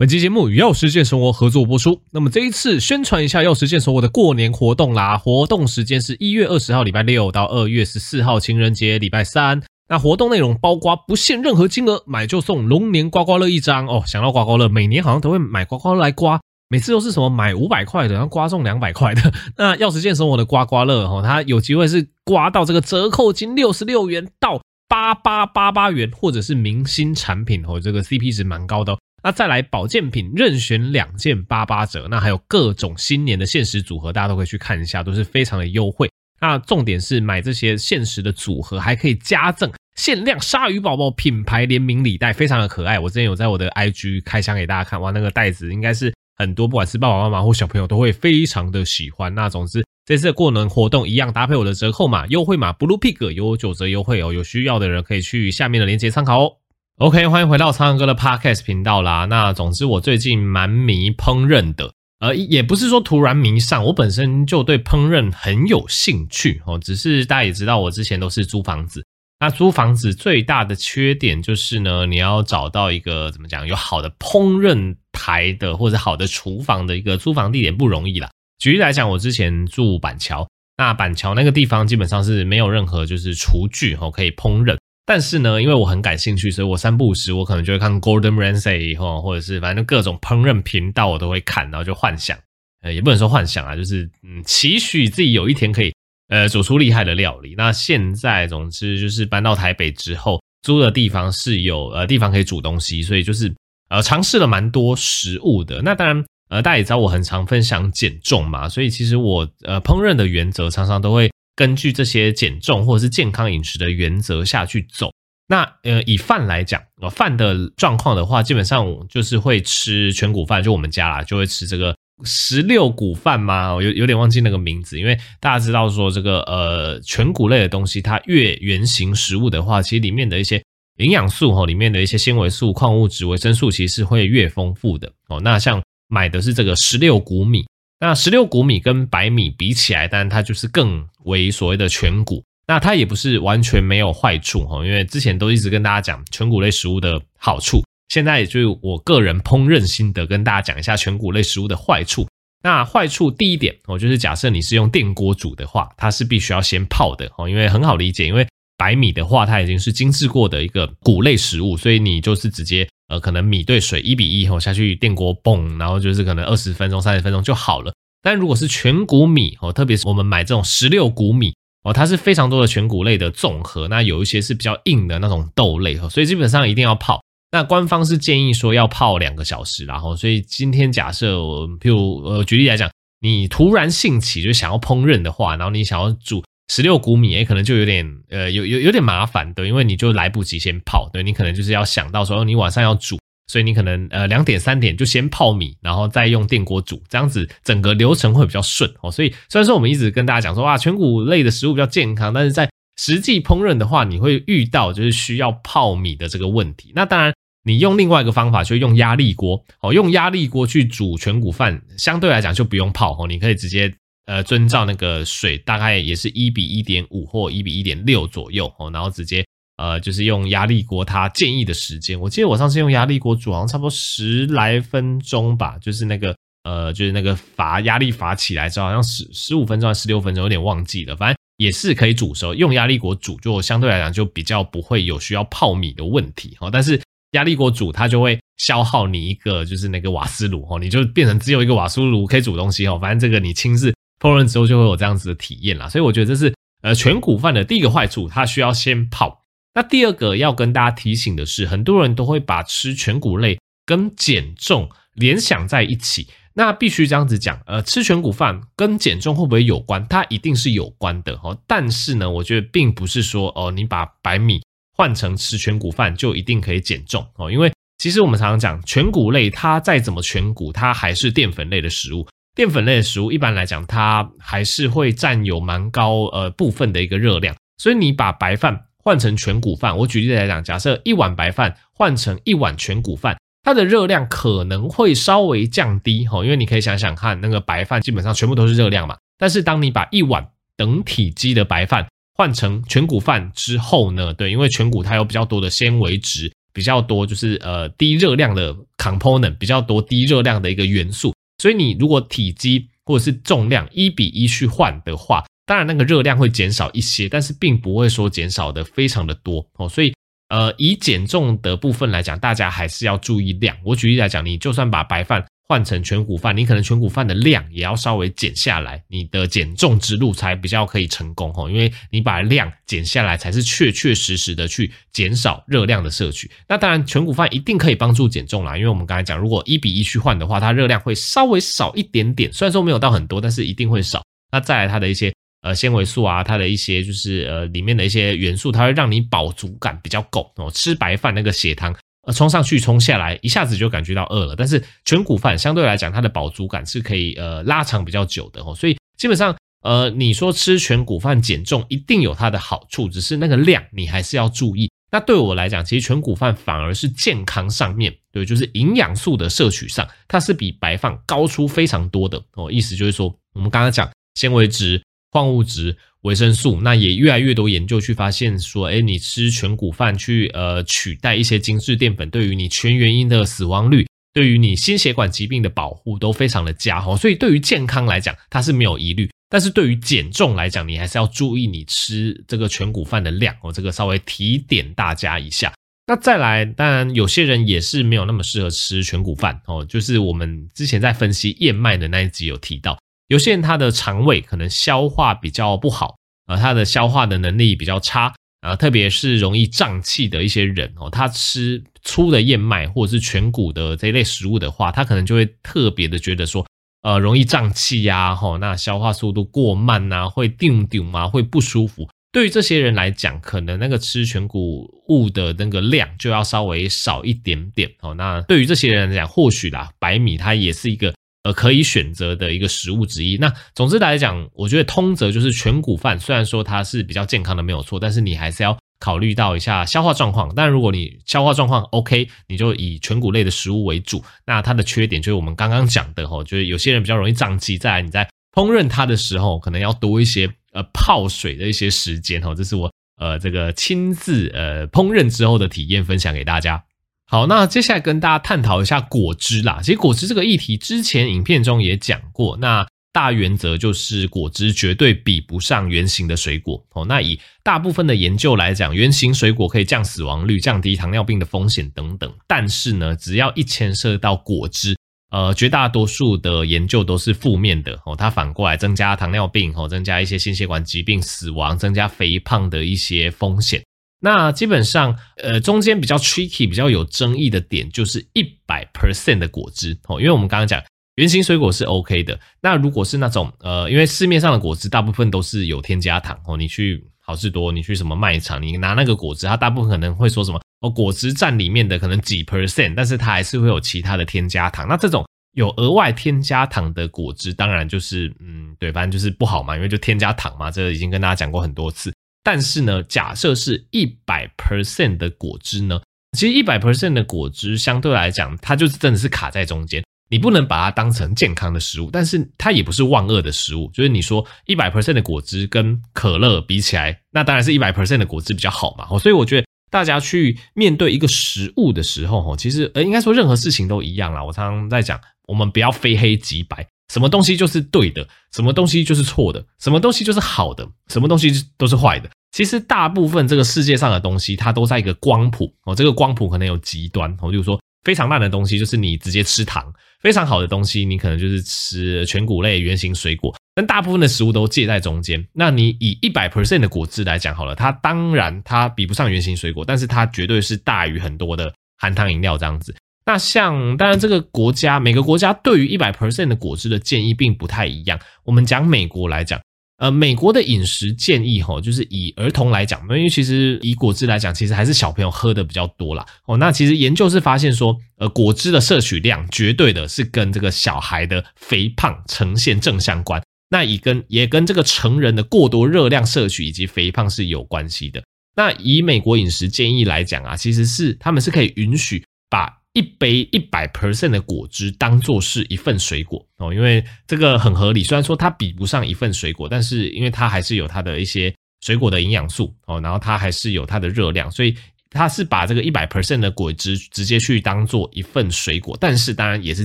本期節目與《藥師健生活》合作播出。那麼這一次宣傳一下《藥師健生活》的過年活動啦！活動時間是一月二十號禮拜六到二月十四號情人節禮拜三。那活動內容包括不限任何金額買就送龍年刮刮樂一張哦。想到刮刮樂，每年好像都會買刮刮樂來刮，每次都是什麼買五百塊的，然後刮中兩百塊的。那《藥師健生活》的刮刮樂哦，它有機會是刮到這個折扣金六十六元到八八八八元，或者是明星產品哦，這個 CP 值蠻高的。那再來保健品任選兩件八八折，那還有各種新年的限時組合，大家都可以去看一下，都是非常的優惠。那重點是買這些限時的組合，還可以加贈限量鯊魚寶寶品牌聯名禮袋，非常的可愛。我之前有在我的 IG 開箱給大家看，哇，那個袋子應該是很多不管是爸爸媽媽或小朋友都會非常的喜歡。那總之這次的過年活動一樣搭配我的折扣碼優惠碼 Bluepig 有九折優惠哦，有需要的人可以去下面的鏈接參考哦。OK，歡迎回到蒼藍鴿的 Podcast 頻道啦。那總之，我最近蠻迷烹飪的，呃，也不是說突然迷上，我本身就對烹飪很有興趣哦。只是大家也知道，我之前都是租房子，那租房子最大的缺點就是呢，你要找到一個怎麼講，有好的烹飪台的或者好的廚房的一個租房地點不容易啦。舉例來講，我之前住板橋，那板橋那個地方基本上是沒有任何就是廚具哦可以烹飪。但是呢，因為我很感興趣，所以我三不五時，我可能就會看 Gordon Ramsay 以後，或者是反正各種烹飪頻道，我都會看，然後就幻想，呃，也不能說幻想啊，就是嗯，期許自己有一天可以，呃，煮出厲害的料理。那現在，總之就是搬到台北之後，租的地方是有呃地方可以煮東西，所以就是呃嘗試了蠻多食物的。那當然，呃，大家也知道我很常分享減重嘛，所以其實我呃烹飪的原則常常都會。根據這些減重或者是健康飲食的原則下去走，那呃，以飯來講，呃，飯的狀況的話，基本上就是會吃全穀飯，就我們家啦，就會吃這個十六穀飯嘛，我有有點忘記那個名字，因為大家知道說這個呃全穀類的東西，它越原型食物的話，其實裡面的一些營養素齁，裡面的一些纖維素、礦物質、維生素，其實是會越豐富的哦。那像買的是這個十六穀米。那十六穀米跟白米比起來，當然，它就是更為所謂的全穀，那它也不是完全沒有壞處哈，因為之前都一直跟大家講全穀類食物的好處，現在也就我個人烹飪心得跟大家講一下全穀類食物的壞處。那壞處第一點，哦，就是假設你是用電鍋煮的話，它是必須要先泡的哦，因為很好理解，因為白米的話它已經是精致過的一個穀類食物，所以你就是直接。呃，可能米兌水一比一吼、哦、下去電鍋蹦，然後就是可能二十分鐘、三十分鐘就好了。但如果是全谷米哦，特別是我們買這種十六谷米哦，它是非常多的全谷類的綜合，那有一些是比較硬的那種豆類哦，所以基本上一定要泡。那官方是建議說要泡兩個小時啦，然、哦、後所以今天假設我，譬如呃，舉例來講，你突然興起就想要烹飪的話，然後你想要煮。十六穀米、欸、可能就有點呃，有有有點麻煩的，對，因為你就來不及先泡，對你可能就是要想到說、哦，你晚上要煮，所以你可能呃兩點三點就先泡米，然後再用電鍋煮，這樣子整個流程會比較順哦。所以雖然說我們一直跟大家講說，哇、啊，全穀類的食物比較健康，但是在實際烹飪的話，你會遇到就是需要泡米的這個問題。那當然，你用另外一個方法，就是、用壓力鍋哦，用壓力鍋去煮全穀飯，相對來講就不用泡哦，你可以直接。呃，遵照那個水大概也是一比一點五或一比一點六左右哦，然後直接呃就是用壓力鍋，它建議的時間，我記得我上次用壓力鍋煮好像差不多十來分鐘吧，就是那個呃就是那個閥壓力閥起來之後，好像十十五分鐘還是十六分鐘，有點忘記了，反正也是可以煮熟。用壓力鍋煮就相對來講就比較不會有需要泡米的問題哦，但是壓力鍋煮它就會消耗你一個就是那個瓦斯爐哦，你就變成只有一個瓦斯爐可以煮東西哦，反正這個你親自。烹飪之後就會有這樣子的體驗啦，所以我覺得這是呃全穀飯的第一個壞處，它需要先泡。那第二個要跟大家提醒的是，很多人都會把吃全穀類跟減重聯想在一起。那必須這樣子講，呃，吃全穀飯跟減重會不會有關？它一定是有關的哦。但是呢，我覺得並不是說哦，你把白米換成吃全穀飯就一定可以減重哦，因為其實我們常常講全穀類，它再怎麼全穀，它還是澱粉類的食物。澱粉類的食物一般來講，它還是會占有蠻高呃部分的一個熱量，所以你把白飯換成全谷飯，我舉例來講，假設一碗白飯換成一碗全谷飯，它的熱量可能會稍微降低齁，因為你可以想想看，那個白飯基本上全部都是熱量嘛，但是當你把一碗等體積的白飯換成全谷飯之後呢，對，因為全谷它有比較多的纖維質，比較多就是呃低熱量的 component，比較多低熱量的一個元素。所以你如果體積或者是重量一比一去換的話，當然那個熱量會減少一些，但是並不會說減少的非常的多哦。所以，呃，以減重的部分來講，大家還是要注意量。我舉例來講，你就算把白飯換成全穀飯，你可能全穀飯的量也要稍微減下來，你的減重之路才比較可以成功齁，因為你把量減下來，才是確確實實的去減少熱量的攝取。那當然，全穀飯一定可以幫助減重啦，因為我們剛才講，如果一比一去換的話，它熱量會稍微少一點點，雖然說沒有到很多，但是一定會少。那再來它的一些呃纖維素啊，它的一些就是呃裡面的一些元素，它會讓你飽足感比較夠哦。吃白飯那個血糖。呃，衝上去衝下來，一下子就感覺到餓了。但是全穀飯相對來講，它的飽足感是可以呃拉長比較久的哦。所以基本上呃，你說吃全穀飯減重一定有它的好處，只是那個量你還是要注意。那對我來講，其實全穀飯反而是健康上面對，就是營養素的攝取上，它是比白飯高出非常多的哦。意思就是說，我們剛剛講纖維質、礦物質。維生素，那也越來越多研究去發現說，哎，你吃全穀飯去，呃，取代一些精製澱粉，對於你全原因的死亡率，對於你心血管疾病的保護都非常的佳哦，所以對於健康來講，它是沒有疑慮。但是對於減重來講，你還是要注意你吃這個全穀飯的量哦。這個稍微提點大家一下。那再來，當然有些人也是沒有那麼適合吃全穀飯哦。就是我們之前在分析燕麥的那一集有提到。有些人他的腸胃可能消化比較不好，呃，他的消化的能力比較差，呃，特別是容易脹氣的一些人哦，他吃粗的燕麥或者是全穀的這一類食物的話，他可能就會特別的覺得說，呃，容易脹氣呀，吼、哦，那消化速度過慢吶、啊，會頂頂啊，會不舒服。對於這些人來講，可能那個吃全穀物的那個量就要稍微少一點點哦。那對於這些人來講，或許啦，白米它也是一個。呃，可以選擇的一個食物之一。那總之來講，我覺得通則就是全穀飯。雖然說它是比較健康的，沒有錯，但是你還是要考慮到一下消化狀況。但如果你消化狀況 OK，你就以全穀類的食物為主。那它的缺點就是我們剛剛講的，吼，就是有些人比較容易脹氣。再來，你在烹飪它的時候，可能要多一些呃泡水的一些時間。吼，這是我呃這個親自呃烹飪之後的體驗，分享給大家。好，那接下來跟大家探討一下果汁啦。其實果汁這個議題，之前影片中也講過。那大原則就是，果汁絕對比不上原型的水果哦。那以大部分的研究來講，原型水果可以降死亡率、降低糖尿病的風險等等。但是呢，只要一牽涉到果汁，呃，絕大多數的研究都是負面的哦。它反過來增加糖尿病哦，增加一些心血管疾病死亡，增加肥胖的一些風險。那基本上，呃，中間比較 tricky、比較有爭議的點就是一百 percent 的果汁哦，因為我們剛剛講原型水果是 OK 的。那如果是那種，呃，因為市面上的果汁大部分都是有添加糖哦。你去好市多，你去什麼賣場，你拿那個果汁，它大部分可能會說什麼哦，果汁佔裡面的可能幾 percent，但是它還是會有其他的添加糖。那這種有額外添加糖的果汁，當然就是，嗯，對，反正就是不好嘛，因為就添加糖嘛，這個已經跟大家講過很多次。但是呢，假設是一百 percent 的果汁呢？其實一百 percent 的果汁相對來講，它就是真的是卡在中間。你不能把它當成健康的食物，但是它也不是萬惡的食物。就是你說一百 percent 的果汁跟可樂比起來，那當然是一百 percent 的果汁比較好嘛。所以我覺得大家去面對一個食物的時候，哈，其實呃，應該說任何事情都一樣啦。我常常在講，我們不要非黑即白。什麼東西就是對的，什麼東西就是錯的，什麼東西就是好的，什麼東西都是壞的。其實大部分這個世界上的東西，它都在一個光譜哦。這個光譜可能有極端，哦，例如說非常爛的東西，就是你直接吃糖；非常好的東西，你可能就是吃全穀類原型水果。但大部分的食物都介在中間。那你以一百 percent 的果汁來講好了，它當然它比不上原型水果，但是它絕對是大於很多的含糖飲料這樣子。那像當然，這個國家每個國家對於一百 percent 的果汁的建議並不太一樣。我們講美國來講，呃，美國的飲食建議哈，就是以兒童來講，因為其實以果汁來講，其實還是小朋友喝的比較多啦。哦，那其實研究是發現說，呃，果汁的攝取量絕對的是跟這個小孩的肥胖呈現正相關。那也跟也跟這個成人的過多熱量攝取以及肥胖是有關係的。那以美國飲食建議來講啊，其實是他們是可以允許把一杯一百 percent 的果汁當作是一份水果哦，因為這個很合理。雖然說它比不上一份水果，但是因為它還是有它的一些水果的營養素哦，然後它還是有它的熱量，所以。他是把這個一百 percent 的果汁直接去當做一份水果，但是當然也是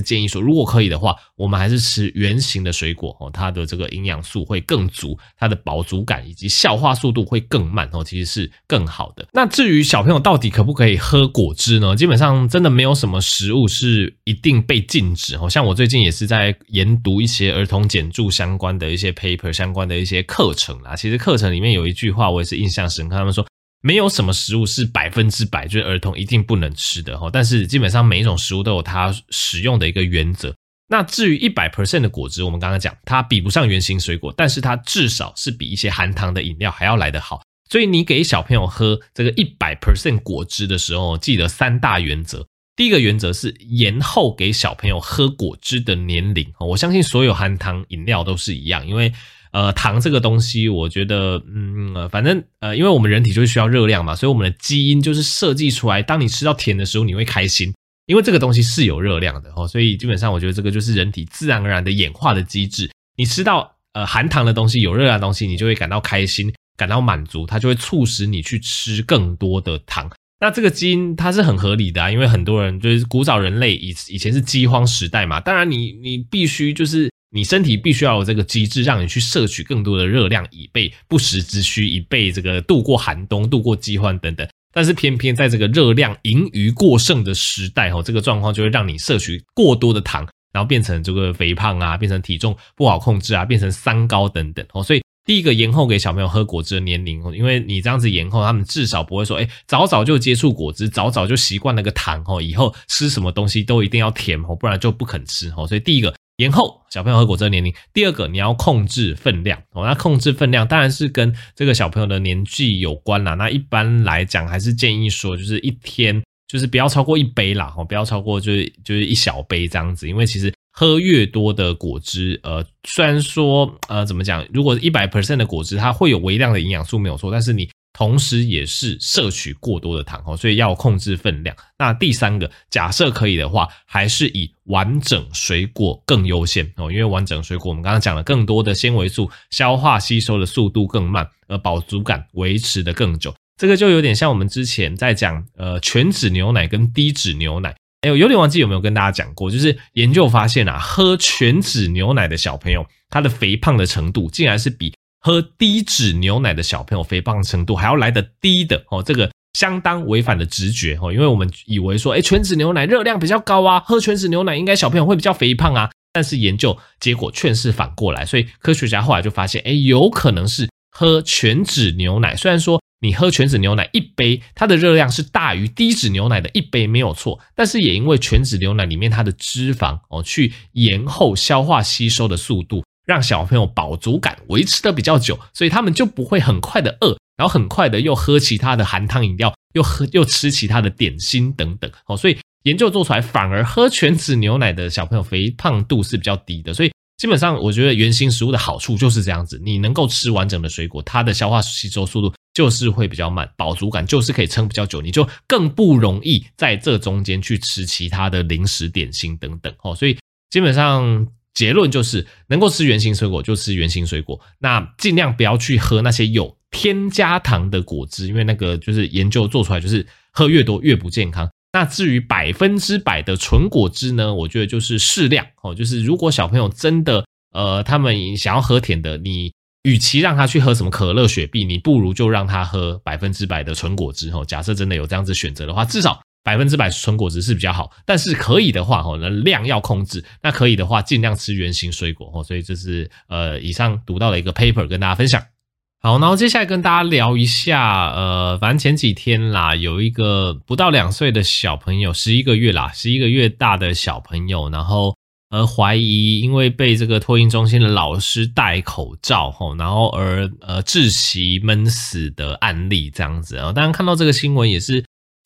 建議說，如果可以的話，我們還是吃原型的水果哦，它的這個營養素會更足，它的飽足感以及消化速度會更慢哦，其實是更好的。那至於小朋友到底可不可以喝果汁呢？基本上真的沒有什麼食物是一定被禁止哦。像我最近也是在研讀一些兒童減重相關的一些 paper 相關的一些課程啦。其實課程裡面有一句話我也是印象深刻，他們說。沒有什麼食物是百分之百就是兒童一定不能吃的哈，但是基本上每一種食物都有它使用的一個原則。那至於一百 percent 的果汁，我們剛剛講它比不上原型水果，但是它至少是比一些含糖的飲料還要來得好。所以你給小朋友喝這個一百 percent 果汁的時候，記得三大原則。第一個原則是延後給小朋友喝果汁的年齡。我相信所有含糖飲料都是一樣，因為。呃，糖這個東西，我覺得，嗯、呃，反正，呃，因為我們人體就是需要熱量嘛，所以我們的基因就是設計出來，當你吃到甜的時候，你會開心，因為這個東西是有熱量的哦，所以基本上我覺得這個就是人體自然而然的演化的機制。你吃到呃含糖的東西，有熱量的東西，你就會感到開心，感到滿足，它就會促使你去吃更多的糖。那這個基因它是很合理的啊，因為很多人就是古早人類以以前是饑荒時代嘛，當然你你必須就是。你身體必須要有這個機制，讓你去攝取更多的熱量，以備不時之需，以備這個度過寒冬、度過饑荒等等。但是偏偏在這個熱量盈餘過剩的時代，哦，這個狀況就會讓你攝取過多的糖，然後變成這個肥胖啊，變成體重不好控制啊，變成三高等等。哦，所以第一個延後給小朋友喝果汁的年齡，因為你這樣子延後，他們至少不會說，誒，早早就接觸果汁，早早就習慣那個糖，以後吃什麼東西都一定要甜，不然就不肯吃，所以第一個。延後小朋友喝果汁的年齡。第二個，你要控制分量哦。那控制分量當然是跟這個小朋友的年紀有關啦。那一般來講，還是建議說，就是一天就是不要超過一杯啦，哦，不要超過就是就是一小杯這樣子。因為其實喝越多的果汁，呃，雖然說呃怎麼講，如果一百%的果汁它會有微量的營養素沒有錯，但是你同時，也是攝取過多的糖哦，所以要控制分量。那第三個，假設可以的話，還是以完整水果更優先哦，因為完整水果我們剛剛講了，更多的纖維素，消化吸收的速度更慢，而飽足感維持得更久。這個就有點像我們之前在講，呃，全脂牛奶跟低脂牛奶，哎、欸，我有點忘記有沒有跟大家講過，就是研究發現啊，喝全脂牛奶的小朋友，他的肥胖的程度竟然是比喝低脂牛奶的小朋友肥胖程度還要來得低的哦，這個相當違反了直覺哦，因為我們以為說，哎，全脂牛奶熱量比較高啊，喝全脂牛奶應該小朋友會比較肥胖啊，但是研究結果卻是反過來，所以科學家後來就發現，哎，有可能是喝全脂牛奶，雖然說你喝全脂牛奶一杯，它的熱量是大於低脂牛奶的一杯沒有錯，但是也因為全脂牛奶裡面它的脂肪哦，去延後消化吸收的速度。讓小朋友飽足感維持的比較久，所以他們就不會很快的餓，然後很快的又喝其他的含糖飲料，又喝又吃其他的點心等等。哦，所以研究做出來，反而喝全脂牛奶的小朋友肥胖度是比較低的。所以基本上，我覺得原型食物的好處就是這樣子：你能夠吃完整的水果，它的消化吸收速度就是會比較慢，飽足感就是可以撐比較久，你就更不容易在這中間去吃其他的零食、點心等等。哦，所以基本上。結論就是，能夠吃原型水果就吃原型水果，那儘量不要去喝那些有添加糖的果汁，因為那個就是研究做出來就是喝越多越不健康。那至於百分之百的純果汁呢，我覺得就是適量哦。就是如果小朋友真的呃，他們想要喝甜的，你與其讓他去喝什麼可樂、雪碧，你不如就讓他喝百分之百的純果汁。齁，假設真的有這樣子選擇的話，至少。百分之百純果汁是比較好，但是可以的話，吼，那量要控制。那可以的話，盡量吃原型水果，吼。所以這是呃，以上讀到的一個 paper 跟大家分享。好，然後接下來跟大家聊一下，呃，反正前幾天啦，有一個不到兩歲的小朋友，十一個月啦，十一個月大的小朋友，然後而、呃、懷疑因為被這個托嬰中心的老師戴口罩，吼，然後而呃窒息悶死的案例這樣子啊。然後當然看到這個新聞也是。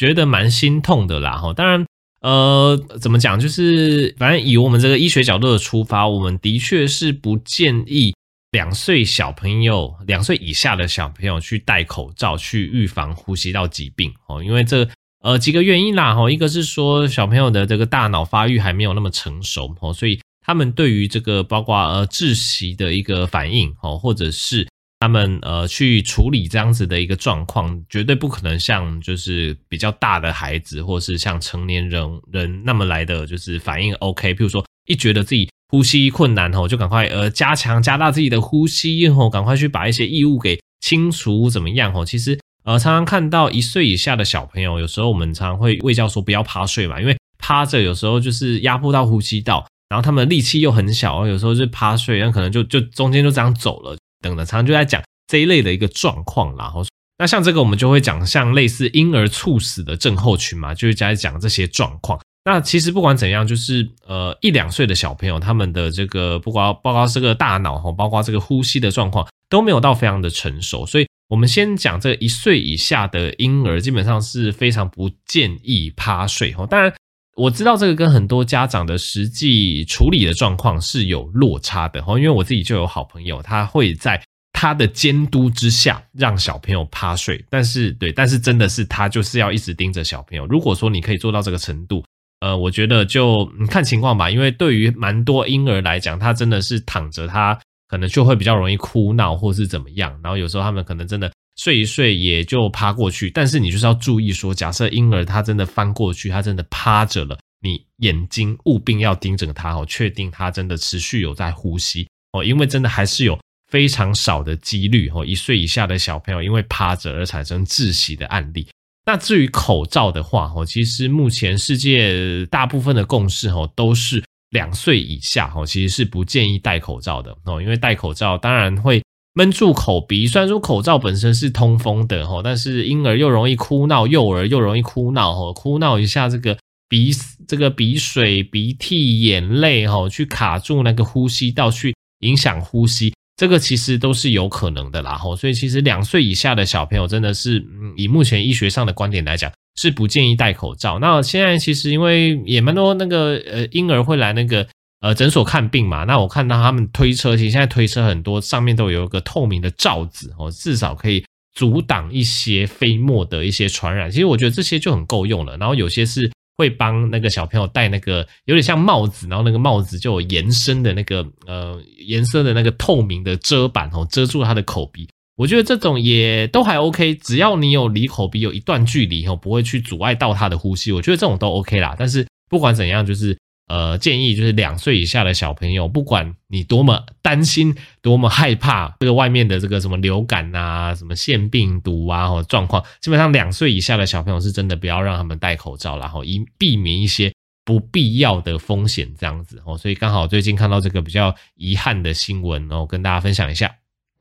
覺得蠻心痛的啦，吼，當然，呃，怎麼講，就是反正以我們這個醫學角度的出發，我們的確是不建議兩歲小朋友，兩歲以下的小朋友去戴口罩，去預防呼吸道疾病吼，因為這呃幾個原因啦，吼，一個是說小朋友的這個大腦發育還沒有那麼成熟吼，所以他們對於這個包括呃窒息的一個反應吼，或者是。他們呃去處理這樣子的一個狀況，絕對不可能像就是比較大的孩子，或是像成年人人那麼來的，就是反應 OK。譬如說一覺得自己呼吸困難吼，就趕快呃加強加大自己的呼吸吼，趕快去把一些異物給清除怎麼樣吼？其實呃常常看到一歲以下的小朋友，有時候我們常常會衛教說不要趴睡嘛，因為趴着有時候就是壓迫到呼吸道，然後他們的力氣又很小，有時候是趴睡，然後可能就就中間就這樣走了。等等，常常就在講這一類的一個狀況啦。然後，那像這個，我們就會講像類似嬰兒猝死的症候群嘛，就是在講這些狀況。那其實不管怎樣，就是呃一兩歲的小朋友，他們的這個，不光包括這個大腦哈，包括這個呼吸的狀況都沒有到非常的成熟，所以我們先講這一歲以下的嬰兒，基本上是非常不建議趴睡哈。當然。我知道這個跟很多家長的實際處理的狀況是有落差的，因為我自己就有好朋友，他會在他的監督之下讓小朋友趴睡，但是對，但是真的是他就是要一直盯着小朋友。如果說你可以做到這個程度，呃，我覺得就你看情況吧，因為對於蠻多嬰兒來講，他真的是躺着，他可能就會比較容易哭鬧或是怎麼樣，然後有時候他們可能真的。睡一睡也就趴過去，但是你就是要注意說，假設嬰兒他真的翻過去，他真的趴着了，你眼睛務必要盯着他哦，確定他真的持續有在呼吸哦，因為真的還是有非常少的幾率哦，一歲以下的小朋友因為趴着而產生窒息的案例。那至於口罩的話哦，其實目前世界大部分的共識哦，都是兩歲以下哦，其實是不建議戴口罩的哦，因為戴口罩當然會。悶住口鼻，雖然說口罩本身是通風的吼，但是嬰兒又容易哭鬧，幼兒又容易哭鬧吼，哭鬧一下這個鼻這個鼻水、鼻涕、眼淚吼，去卡住那個呼吸道，去影響呼吸，這個其實都是有可能的啦吼。所以其實兩歲以下的小朋友，真的是以目前醫學上的觀點來講，是不建議戴口罩。那現在其實因為也蠻多那個呃嬰兒會來那個。呃，診所看病嘛，那我看到他們推車，其實現在推車很多，上面都有一個透明的罩子哦，至少可以阻擋一些飛沫的一些傳染。其實我覺得這些就很夠用了。然後有些是會幫那個小朋友戴那個有點像帽子，然後那個帽子就有延伸的那個呃延伸的那個透明的遮板哦，遮住他的口鼻。我覺得這種也都還 OK，只要你有離口鼻有一段距離哦，不會去阻礙到他的呼吸，我覺得這種都 OK 啦。但是不管怎樣，就是。呃，建議就是兩歲以下的小朋友，不管你多麼擔心、多麼害怕這個外面的這個什麼流感啊、什麼腺病毒啊，哦、狀況，基本上兩歲以下的小朋友是真的不要讓他們戴口罩啦，然後以避免一些不必要的風險這樣子哦。所以剛好最近看到這個比較遺憾的新聞哦，跟大家分享一下。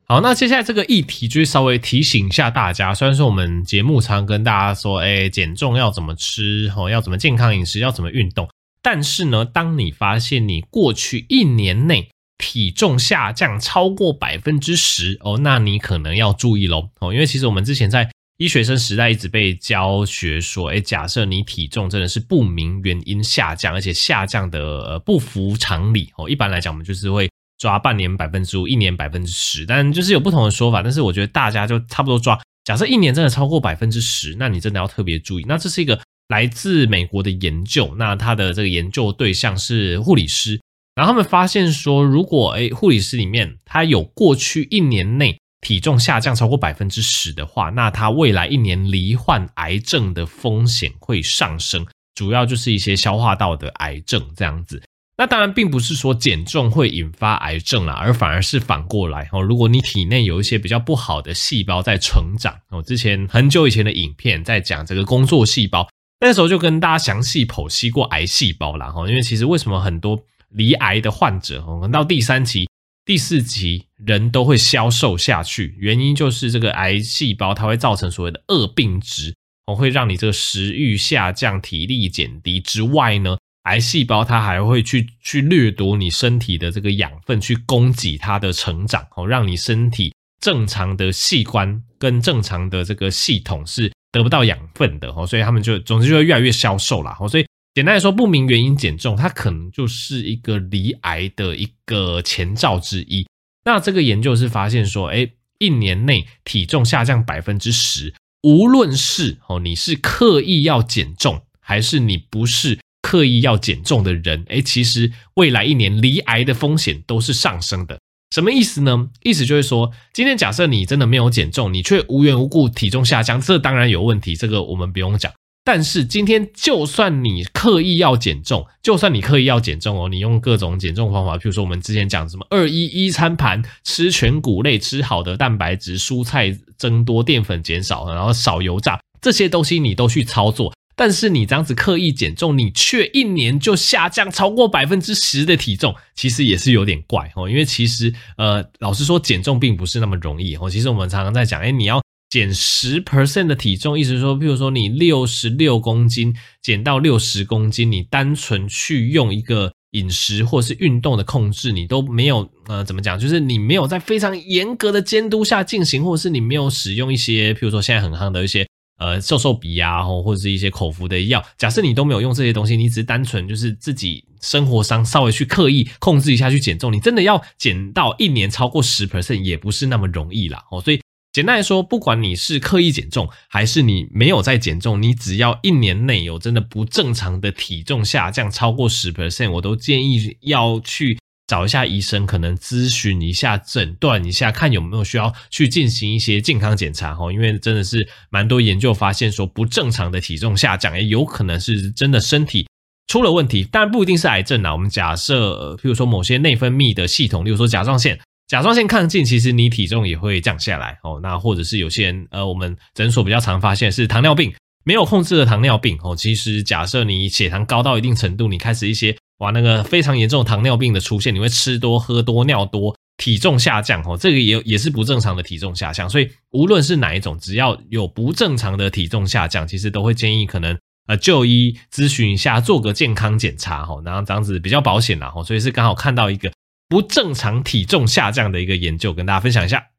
好，那接下來這個議題就是稍微提醒一下大家，雖然說我們節目常跟大家說，哎、欸，減重要怎麼吃哦，要怎麼健康飲食，要怎麼運動。但是呢，當你發現你過去一年內體重下降超過百分之十哦，那你可能要注意嘍哦，因為其實我們之前在醫學生時代一直被教學說，哎、欸，假設你體重真的是不明原因下降，而且下降的不符常理哦，一般來講我們就是會抓半年百分之五，一年百分之十，但就是有不同的說法，但是我覺得大家就差不多抓，假設一年真的超過百分之十，那你真的要特別注意，那這是一個。來自美國的研究，那他的這個研究對象是護理師，然後他們發現說，如果誒護理師裡面他有過去一年內體重下降超過百分之十的話，那他未來一年罹患癌症的風險會上升，主要就是一些消化道的癌症這樣子。那當然並不是說減重會引發癌症啦，而反而是反過來哦，如果你體內有一些比較不好的細胞在成長我，哦，之前很久以前的影片在講這個工作細胞。那時候就跟大家詳細剖析過癌細胞了哈，因為其實為什麼很多罹癌的患者，我們到第三期、第四期人都會消瘦下去，原因就是這個癌細胞它會造成所謂的惡病質。哦，會讓你這個食欲下降、體力減低之外呢，癌細胞它還會去去掠奪你身體的這個養分，去供給它的成長，哦，讓你身體正常的器官跟正常的這個系統是。得不到養分的哦，所以他們就，總之就會越來越消瘦啦。哦，所以簡單來說，不明原因減重，它可能就是一個罹癌的一個前兆之一。那這個研究是發現說，哎，一年內體重下降百分之十，無論是哦你是刻意要減重，還是你不是刻意要減重的人，哎，其實未來一年罹癌的風險都是上升的。什麼意思呢？意思就是說，今天假設你真的沒有減重，你卻無緣無故體重下降，這當然有問題，這個我們不用講。但是今天就算你刻意要減重，就算你刻意要減重哦，你用各種減重方法，比如說我們之前講什麼211餐盤，吃全穀類，吃好的蛋白質，蔬菜增多，澱粉減少，然後少油炸，這些東西你都去操作。但是你這樣子刻意減重，你卻一年就下降超過百分之十的體重，其實也是有點怪哦。因為其實呃，老實說，減重並不是那麼容易哦。其實我們常常在講，哎、欸，你要減十 percent 的體重，意思說，譬如說你六十六公斤減到六十公斤，你單純去用一個飲食或是運動的控制，你都沒有呃，怎麼講？就是你沒有在非常嚴格的監督下進行，或者是你沒有使用一些譬如說現在很夯的一些。呃，瘦瘦筆呀，哦，或者是一些口服的藥。假設你都沒有用這些東西，你只是單純就是自己生活上稍微去刻意控制一下去減重，你真的要減到一年超過十 percent 也不是那麼容易啦。哦。所以簡單來說，不管你是刻意減重，還是你沒有在減重，你只要一年內有真的不正常的體重下降超過十 percent，我都建議要去。找一下醫生，可能諮詢一下、診斷一下，看有沒有需要去進行一些健康檢查哦。因為真的是蠻多研究發現，說不正常的體重下降，也有可能是真的身體出了問題，但不一定是癌症啦。我們假設，呃、比如說某些內分泌的系統，例如說甲狀腺，甲狀腺亢進，其實你體重也會降下來哦、喔。那或者是有些人，呃，我們診所比較常發現是糖尿病，沒有控制的糖尿病哦、喔。其實假設你血糖高到一定程度，你開始一些。哇，那個非常嚴重糖尿病的出現，你會吃多喝多尿多，體重下降哦，這個也也是不正常的體重下降。所以無論是哪一種，只要有不正常的體重下降，其實都會建議可能呃就醫諮詢一下，做個健康檢查齁，然後這樣子比較保險啦齁。所以是剛好看到一個不正常體重下降的一個研究，跟大家分享一下。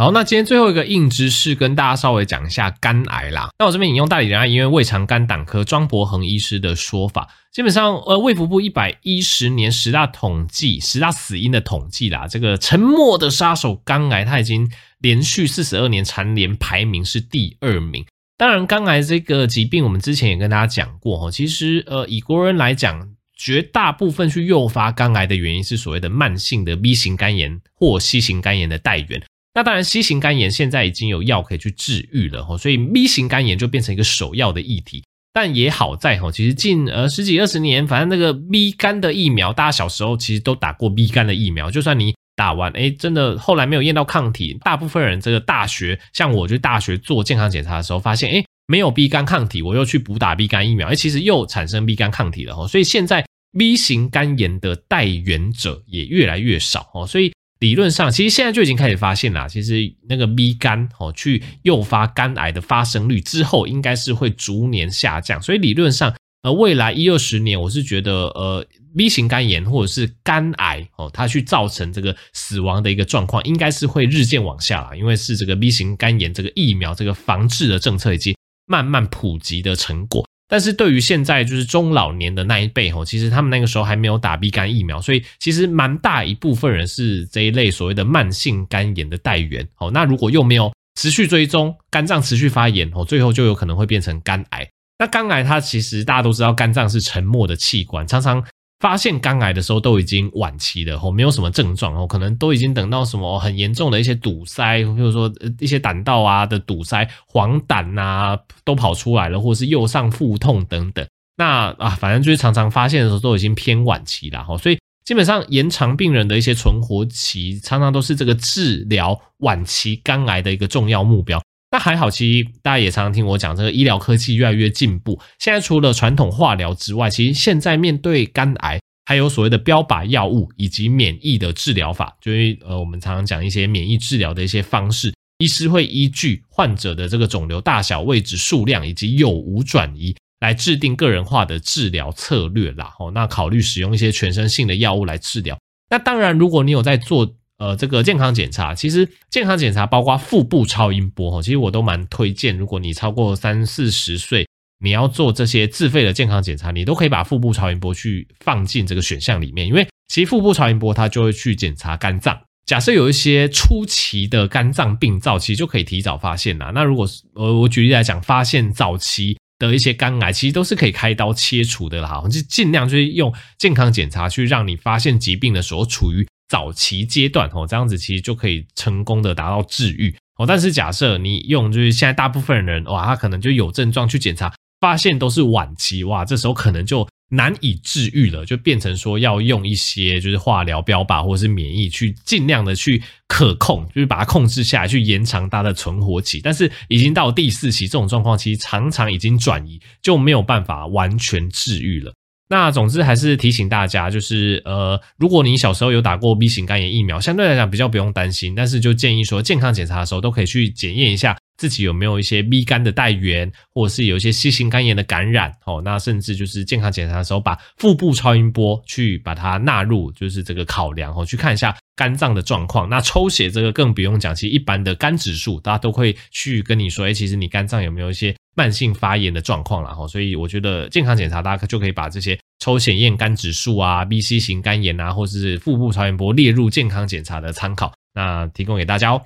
好，那今天最後一個硬知識跟大家稍微講一下肝癌啦。那我這邊引用大里仁愛醫院胃腸肝膽科莊博恆醫師的說法，基本上呃，衛福部一百一十年十大統計、十大死因的統計啦，這個沉默的殺手肝癌，它已經連續四十二年蟬聯排名是第二名。當然，肝癌這個疾病，我們之前也跟大家講過哈，其實呃，以國人來講，絕大部分去誘發肝癌的原因是所謂的慢性的 B 型肝炎或 C 型肝炎的帶原。那當然，C 型肝炎現在已經有藥可以去治癒了齁，所以 B 型肝炎就變成一個首要的議題。但也好在齁，其實近呃十幾二十年，反正這個 B 肝的疫苗，大家小時候其實都打過 B 肝的疫苗。就算你打完，哎，真的後來沒有驗到抗體，大部分人這個大學，像我就大學做健康檢查的時候發現，哎，沒有 B 肝抗體，我又去補打 B 肝疫苗，哎，其實又產生 B 肝抗體了齁。所以現在 B 型肝炎的帶原者也越來越少哦，所以。理論上，其實現在就已經開始發現啦，其實那個 B 肝哦，去誘發肝癌的發生率之後，應該是會逐年下降。所以理論上，呃，未來一二十年，我是覺得，呃，B 型肝炎或者是肝癌哦，它去造成這個死亡的一個狀況，應該是會日漸往下啦，因為是這個 B 型肝炎這個疫苗這個防治的政策已經慢慢普及的成果。但是對於現在就是中老年的那一輩吼，其實他們那個時候還沒有打 B 肝疫苗，所以其實蠻大一部分人是這一類所謂的慢性肝炎的帶原。那如果又沒有持續追蹤，肝臟持續發炎，哦，最後就有可能會變成肝癌。那肝癌它其實大家都知道，肝臟是沉默的器官，常常。發現肝癌的時候都已經晚期了，哦，沒有什麼症狀，哦，可能都已經等到什麼很嚴重的一些堵塞，或者說一些膽道啊的堵塞、黃疸吶、啊、都跑出來了，或是右上腹痛等等。那啊，反正就是常常發現的時候都已經偏晚期了，吼，所以基本上延長病人的一些存活期，常常都是這個治療晚期肝癌的一個重要目標。那還好，其實大家也常常聽我講，這個醫療科技越來越進步。現在除了傳統化療之外，其實現在面對肝癌，還有所謂的標靶藥物以及免疫的治療法，就是呃，我們常常講一些免疫治療的一些方式。醫師會依據患者的這個腫瘤大小、位置、數量以及有無轉移，來制定個人化的治療策略啦。哦，那考慮使用一些全身性的藥物來治療。那當然，如果你有在做。呃，這個健康檢查，其實健康檢查包括腹部超音波哈，其實我都蠻推薦。如果你超過三四十歲，你要做這些自費的健康檢查，你都可以把腹部超音波去放進這個選項裡面，因為其實腹部超音波它就會去檢查肝臟。假設有一些初期的肝臟病灶，其實就可以提早發現啦。那如果我我舉例來講，發現早期的一些肝癌，其實都是可以開刀切除的哈。就儘量就是用健康檢查去讓你發現疾病的時候處於。早期階段哦，這樣子其實就可以成功的達到治癒哦。但是假設你用就是現在大部分人哇，他可能就有症狀去檢查，發現都是晚期哇，這時候可能就難以治癒了，就變成說要用一些就是化療標靶或者是免疫去盡量的去可控，就是把它控制下來，去延長它的存活期。但是已經到第四期這種狀況，其實常常已經轉移，就沒有辦法完全治癒了。那總之還是提醒大家，就是呃，如果你小時候有打過 B 型肝炎疫苗，相對來講比較不用擔心。但是就建議說，健康檢查的時候都可以去檢驗一下自己有沒有一些 B 肝的帶原，或者是有一些 C 型肝炎的感染。哦，那甚至就是健康檢查的時候，把腹部超音波去把它納入就是這個考量哦，去看一下肝臟的狀況。那抽血這個更不用講，其實一般的肝指數大家都會去跟你說，哎，其實你肝臟有沒有一些。慢性發炎的狀況然後，所以我覺得健康檢查大家就可以把這些抽血驗肝指數啊、B C 型肝炎啊，或是腹部超音波列入健康檢查的參考，那提供給大家哦。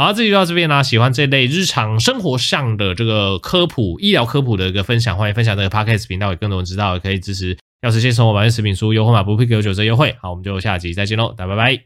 好，這就到這邊啦、啊。喜歡這類日常生活上的這個科普、醫療科普的一個分享，歡迎分享這個 podcast 頻道給更多人知道，可以支持藥師健生活。要直接從我買食品輸入優惠碼，bluepig 給我九折優惠。好，我們就下集再見嘍，大家拜拜。